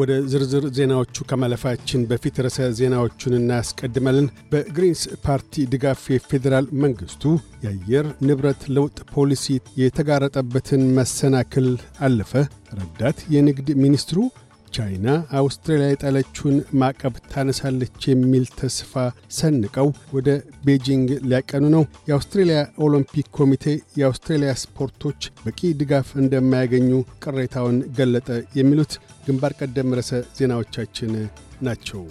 ወደ ዝርዝር ዜናዎቹ ከማለፋችን በፊት ርዕሰ ዜናዎቹን እናስቀድማለን። በግሪንስ ፓርቲ ድጋፍ የፌዴራል መንግስቱ የአየር ንብረት ለውጥ ፖሊሲ የተጋረጠበትን መሰናክል አለፈ። ረዳት የንግድ ሚኒስትሩ ቻይና አውስትራሊያ የጣለችውን ማዕቀብ ታነሳለች የሚል ተስፋ ሰንቀው ወደ ቤጂንግ ሊያቀኑ ነው። የአውስትሬልያ ኦሎምፒክ ኮሚቴ የአውስትሬልያ ስፖርቶች በቂ ድጋፍ እንደማያገኙ ቅሬታውን ገለጠ። የሚሉት ግንባር ቀደም ርዕሰ ዜናዎቻችን ናቸው።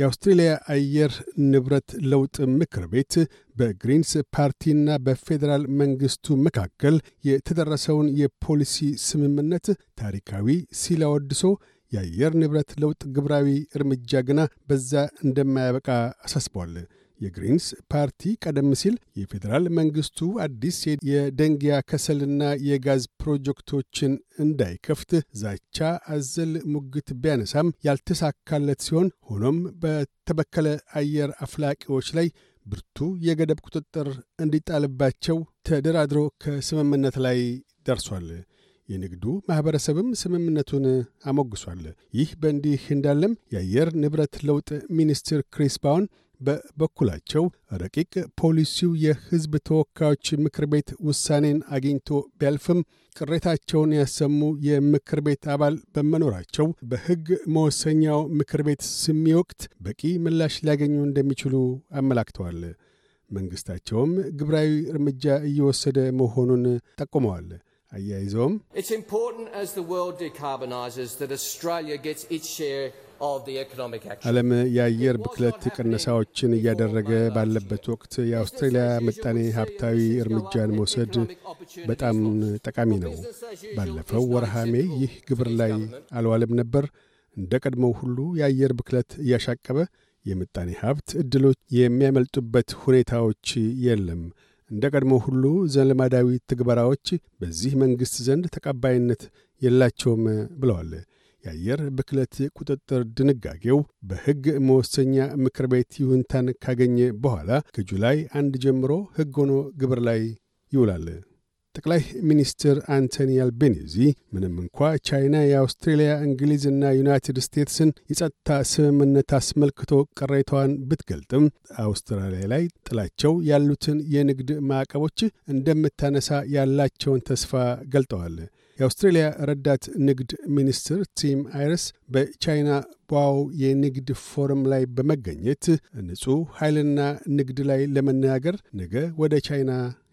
የአውስትሬልያ አየር ንብረት ለውጥ ምክር ቤት በግሪንስ ፓርቲና በፌዴራል መንግስቱ መካከል የተደረሰውን የፖሊሲ ስምምነት ታሪካዊ ሲል አወድሶ የአየር ንብረት ለውጥ ግብራዊ እርምጃ ግና በዛ እንደማያበቃ አሳስቧል። የግሪንስ ፓርቲ ቀደም ሲል የፌዴራል መንግስቱ አዲስ የደንጊያ ከሰልና የጋዝ ፕሮጀክቶችን እንዳይከፍት ዛቻ አዘል ሙግት ቢያነሳም ያልተሳካለት ሲሆን ሆኖም በተበከለ አየር አፍላቂዎች ላይ ብርቱ የገደብ ቁጥጥር እንዲጣልባቸው ተደራድሮ ከስምምነት ላይ ደርሷል። የንግዱ ማኅበረሰብም ስምምነቱን አሞግሷል። ይህ በእንዲህ እንዳለም የአየር ንብረት ለውጥ ሚኒስትር ክሪስ ባውን በበኩላቸው ረቂቅ ፖሊሲው የሕዝብ ተወካዮች ምክር ቤት ውሳኔን አግኝቶ ቢያልፍም ቅሬታቸውን ያሰሙ የምክር ቤት አባል በመኖራቸው በሕግ መወሰኛው ምክር ቤት ስሚ ወቅት በቂ ምላሽ ሊያገኙ እንደሚችሉ አመላክተዋል። መንግሥታቸውም ግብራዊ እርምጃ እየወሰደ መሆኑን ጠቁመዋል። አያይዘውም ዓለም የአየር ብክለት ቅነሳዎችን እያደረገ ባለበት ወቅት የአውስትሬልያ ምጣኔ ሀብታዊ እርምጃን መውሰድ በጣም ጠቃሚ ነው። ባለፈው ወርሃ ይህ ግብር ላይ አልዋለም ነበር። እንደ ቀድሞው ሁሉ የአየር ብክለት እያሻቀበ የምጣኔ ሀብት ዕድሎች የሚያመልጡበት ሁኔታዎች የለም። እንደ ቀድሞ ሁሉ ዘልማዳዊ ትግበራዎች በዚህ መንግሥት ዘንድ ተቀባይነት የላቸውም ብለዋል። የአየር ብክለት ቁጥጥር ድንጋጌው በሕግ መወሰኛ ምክር ቤት ይሁንታን ካገኘ በኋላ ከጁላይ አንድ ጀምሮ ሕግ ሆኖ ግብር ላይ ይውላል። ጠቅላይ ሚኒስትር አንቶኒ አልቤኒዚ ምንም እንኳ ቻይና የአውስትሬልያ እንግሊዝና ዩናይትድ ስቴትስን የጸጥታ ስምምነት አስመልክቶ ቅሬታዋን ብትገልጥም አውስትራሊያ ላይ ጥላቸው ያሉትን የንግድ ማዕቀቦች እንደምታነሳ ያላቸውን ተስፋ ገልጠዋል። የአውስትሬልያ ረዳት ንግድ ሚኒስትር ቲም አይረስ በቻይና ቧው የንግድ ፎረም ላይ በመገኘት ንጹሕ ኃይልና ንግድ ላይ ለመነጋገር ነገ ወደ ቻይና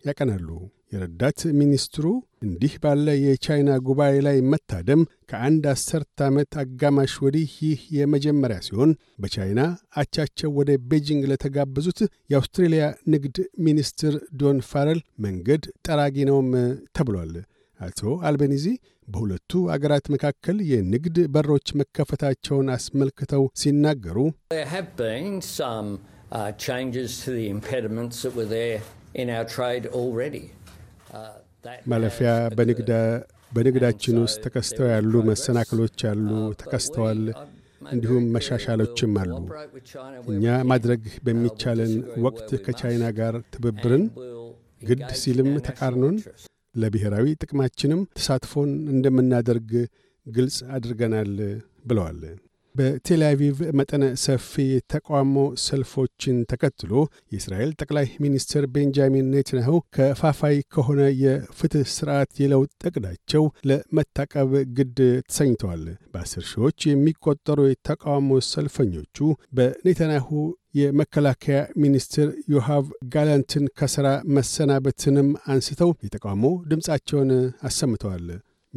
ያቀናሉ። የረዳት ሚኒስትሩ እንዲህ ባለ የቻይና ጉባኤ ላይ መታደም ከአንድ አስርት ዓመት አጋማሽ ወዲህ ይህ የመጀመሪያ ሲሆን በቻይና አቻቸው ወደ ቤጂንግ ለተጋበዙት የአውስትሬልያ ንግድ ሚኒስትር ዶን ፋረል መንገድ ጠራጊ ነውም ተብሏል። አቶ አልቤኒዚ በሁለቱ አገራት መካከል የንግድ በሮች መከፈታቸውን አስመልክተው ሲናገሩ uh, uh, ማለፊያ በንግዳችን ውስጥ ተከስተው ያሉ መሰናክሎች አሉ፣ uh, ተከስተዋል። እንዲሁም መሻሻሎችም አሉ። እኛ ማድረግ በሚቻለን ወቅት ከቻይና ጋር ትብብርን ግድ ሲልም ተቃርኖን ለብሔራዊ ጥቅማችንም ተሳትፎን እንደምናደርግ ግልጽ አድርገናል ብለዋል። በቴል መጠነ ሰፊ የተቃውሞ ሰልፎችን ተከትሎ የእስራኤል ጠቅላይ ሚኒስትር ቤንጃሚን ኔትንያሁ ከፋፋይ ከሆነ የፍትሕ ሥርዓት የለውጥ እቅዳቸው ለመታቀብ ግድ ተሰኝተዋል። በአስር ሺዎች የሚቆጠሩ የተቃውሞ ሰልፈኞቹ በኔትንያሁ የመከላከያ ሚኒስትር ዮሃቭ ጋላንትን ከሥራ መሰናበትንም አንስተው የተቃውሞ ድምፃቸውን አሰምተዋል።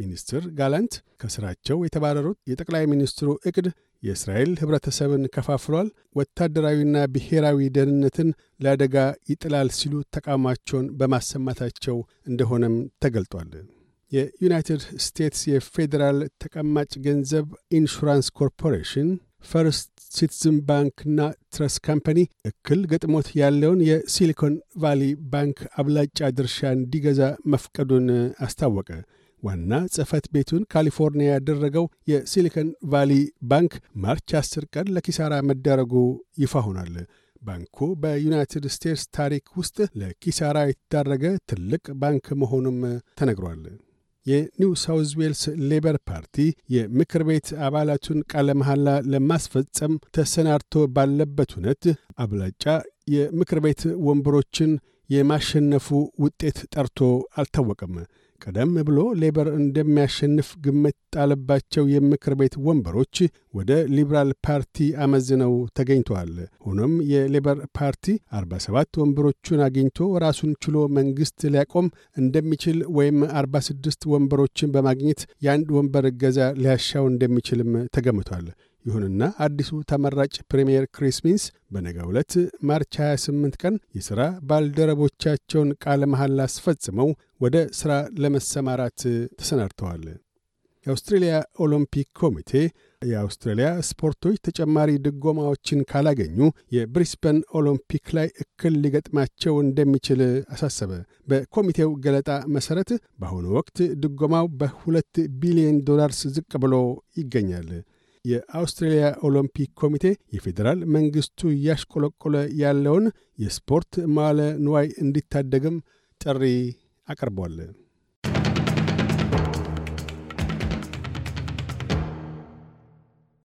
ሚኒስትር ጋላንት ከሥራቸው የተባረሩት የጠቅላይ ሚኒስትሩ እቅድ የእስራኤል ኅብረተሰብን ከፋፍሏል፣ ወታደራዊና ብሔራዊ ደህንነትን ለአደጋ ይጥላል ሲሉ ተቃውሟቸውን በማሰማታቸው እንደሆነም ተገልጧል። የዩናይትድ ስቴትስ የፌዴራል ተቀማጭ ገንዘብ ኢንሹራንስ ኮርፖሬሽን ፈርስት ሲቲዝን ባንክና ትረስ ካምፓኒ እክል ገጥሞት ያለውን የሲሊኮን ቫሊ ባንክ አብላጫ ድርሻ እንዲገዛ መፍቀዱን አስታወቀ። ዋና ጽህፈት ቤቱን ካሊፎርኒያ ያደረገው የሲሊኮን ቫሊ ባንክ ማርች 10 ቀን ለኪሳራ መዳረጉ ይፋ ሆናል ባንኩ በዩናይትድ ስቴትስ ታሪክ ውስጥ ለኪሳራ የተዳረገ ትልቅ ባንክ መሆኑም ተነግሯል። የኒው ሳውዝ ዌልስ ሌበር ፓርቲ የምክር ቤት አባላቱን ቃለ መሐላ ለማስፈጸም ተሰናድቶ ባለበት ሁነት አብላጫ የምክር ቤት ወንበሮችን የማሸነፉ ውጤት ጠርቶ አልታወቅም። ቀደም ብሎ ሌበር እንደሚያሸንፍ ግምት ጣለባቸው የምክር ቤት ወንበሮች ወደ ሊብራል ፓርቲ አመዝነው ተገኝተዋል። ሆኖም የሌበር ፓርቲ 47 ወንበሮቹን አግኝቶ ራሱን ችሎ መንግሥት ሊያቆም እንደሚችል ወይም 46 ወንበሮችን በማግኘት የአንድ ወንበር እገዛ ሊያሻው እንደሚችልም ተገምቷል። ይሁንና አዲሱ ተመራጭ ፕሪምየር ክሪስ ሚንስ በነገው ዕለት ማርች 28 ቀን የሥራ ባልደረቦቻቸውን ቃለ መሐል አስፈጽመው ወደ ሥራ ለመሰማራት ተሰናድተዋል። የአውስትሬልያ ኦሎምፒክ ኮሚቴ የአውስትራሊያ ስፖርቶች ተጨማሪ ድጎማዎችን ካላገኙ የብሪስበን ኦሎምፒክ ላይ እክል ሊገጥማቸው እንደሚችል አሳሰበ። በኮሚቴው ገለጣ መሠረት በአሁኑ ወቅት ድጎማው በሁለት ቢሊዮን ዶላርስ ዝቅ ብሎ ይገኛል። የአውስትሬልያ ኦሎምፒክ ኮሚቴ የፌዴራል መንግሥቱ እያሽቆለቆለ ያለውን የስፖርት ማለ ንዋይ እንዲታደግም ጥሪ አቅርቧል።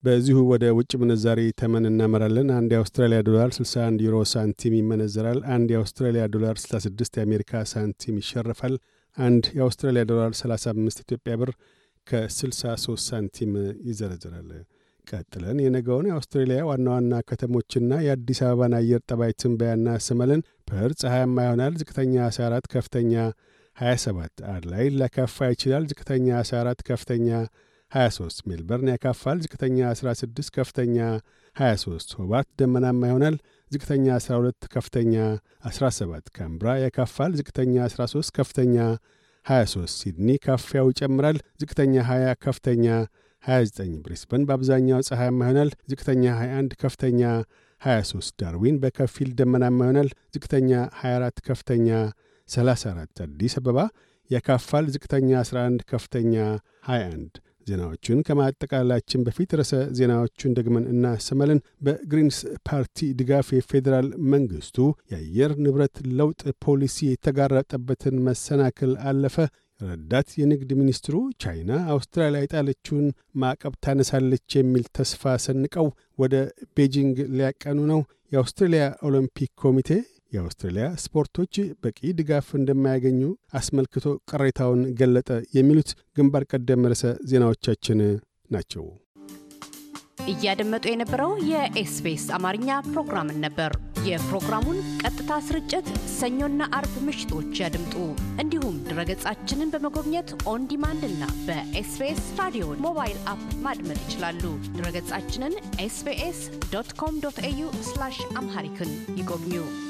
በዚሁ ወደ ውጭ ምንዛሪ ተመን እናመራለን። አንድ የአውስትራሊያ ዶላር 61 ዩሮ ሳንቲም ይመነዘራል። አንድ የአውስትራሊያ ዶላር 66 የአሜሪካ ሳንቲም ይሸርፋል። አንድ የአውስትራሊያ ዶላር 35 ኢትዮጵያ ብር ከ63 ሳንቲም ይዘረዝራል። ቀጥለን የነገውን የአውስትሬልያ ዋና ዋና ከተሞችና የአዲስ አበባን አየር ጠባይ ትንበያና ስመልን። ፐርዝ ፀሐያማ ይሆናል። ዝቅተኛ 14፣ ከፍተኛ 27። አድላይድ ሊያካፋ ይችላል። ዝቅተኛ 14፣ ከፍተኛ 23። ሜልበርን ያካፋል። ዝቅተኛ 16፣ ከፍተኛ 23። ሆባርት ደመናማ ይሆናል። ዝቅተኛ 12፣ ከፍተኛ 17። ካምብራ ያካፋል። ዝቅተኛ 13፣ ከፍተኛ 23 ሲድኒ ካፊያው ይጨምራል። ዝቅተኛ 20 ከፍተኛ 29 ብሪስበን በአብዛኛው ፀሐያማ ይሆናል። ዝቅተኛ 21 ከፍተኛ 23 ዳርዊን በከፊል ደመናማ ይሆናል። ዝቅተኛ 24 ከፍተኛ 34 አዲስ አበባ የካፋል። ዝቅተኛ 11 ከፍተኛ 21 ዜናዎቹን ከማጠቃላችን በፊት ርዕሰ ዜናዎቹን ደግመን እናሰማለን። በግሪንስ ፓርቲ ድጋፍ የፌዴራል መንግስቱ የአየር ንብረት ለውጥ ፖሊሲ የተጋረጠበትን መሰናክል አለፈ። ረዳት የንግድ ሚኒስትሩ ቻይና አውስትራሊያ የጣለችውን ማዕቀብ ታነሳለች የሚል ተስፋ ሰንቀው ወደ ቤጂንግ ሊያቀኑ ነው። የአውስትሬልያ ኦሎምፒክ ኮሚቴ የአውስትሬልያ ስፖርቶች በቂ ድጋፍ እንደማያገኙ አስመልክቶ ቅሬታውን ገለጠ። የሚሉት ግንባር ቀደም ርዕሰ ዜናዎቻችን ናቸው። እያደመጡ የነበረው የኤስቢኤስ አማርኛ ፕሮግራምን ነበር። የፕሮግራሙን ቀጥታ ስርጭት ሰኞና አርብ ምሽቶች ያድምጡ። እንዲሁም ድረገጻችንን በመጎብኘት ኦን እና በኤስቢኤስ ራዲዮ ሞባይል አፕ ማድመጥ ይችላሉ። ድረገጻችንን ኤስቤስ ዶት ኮም ኤዩ አምሃሪክን ይጎብኙ።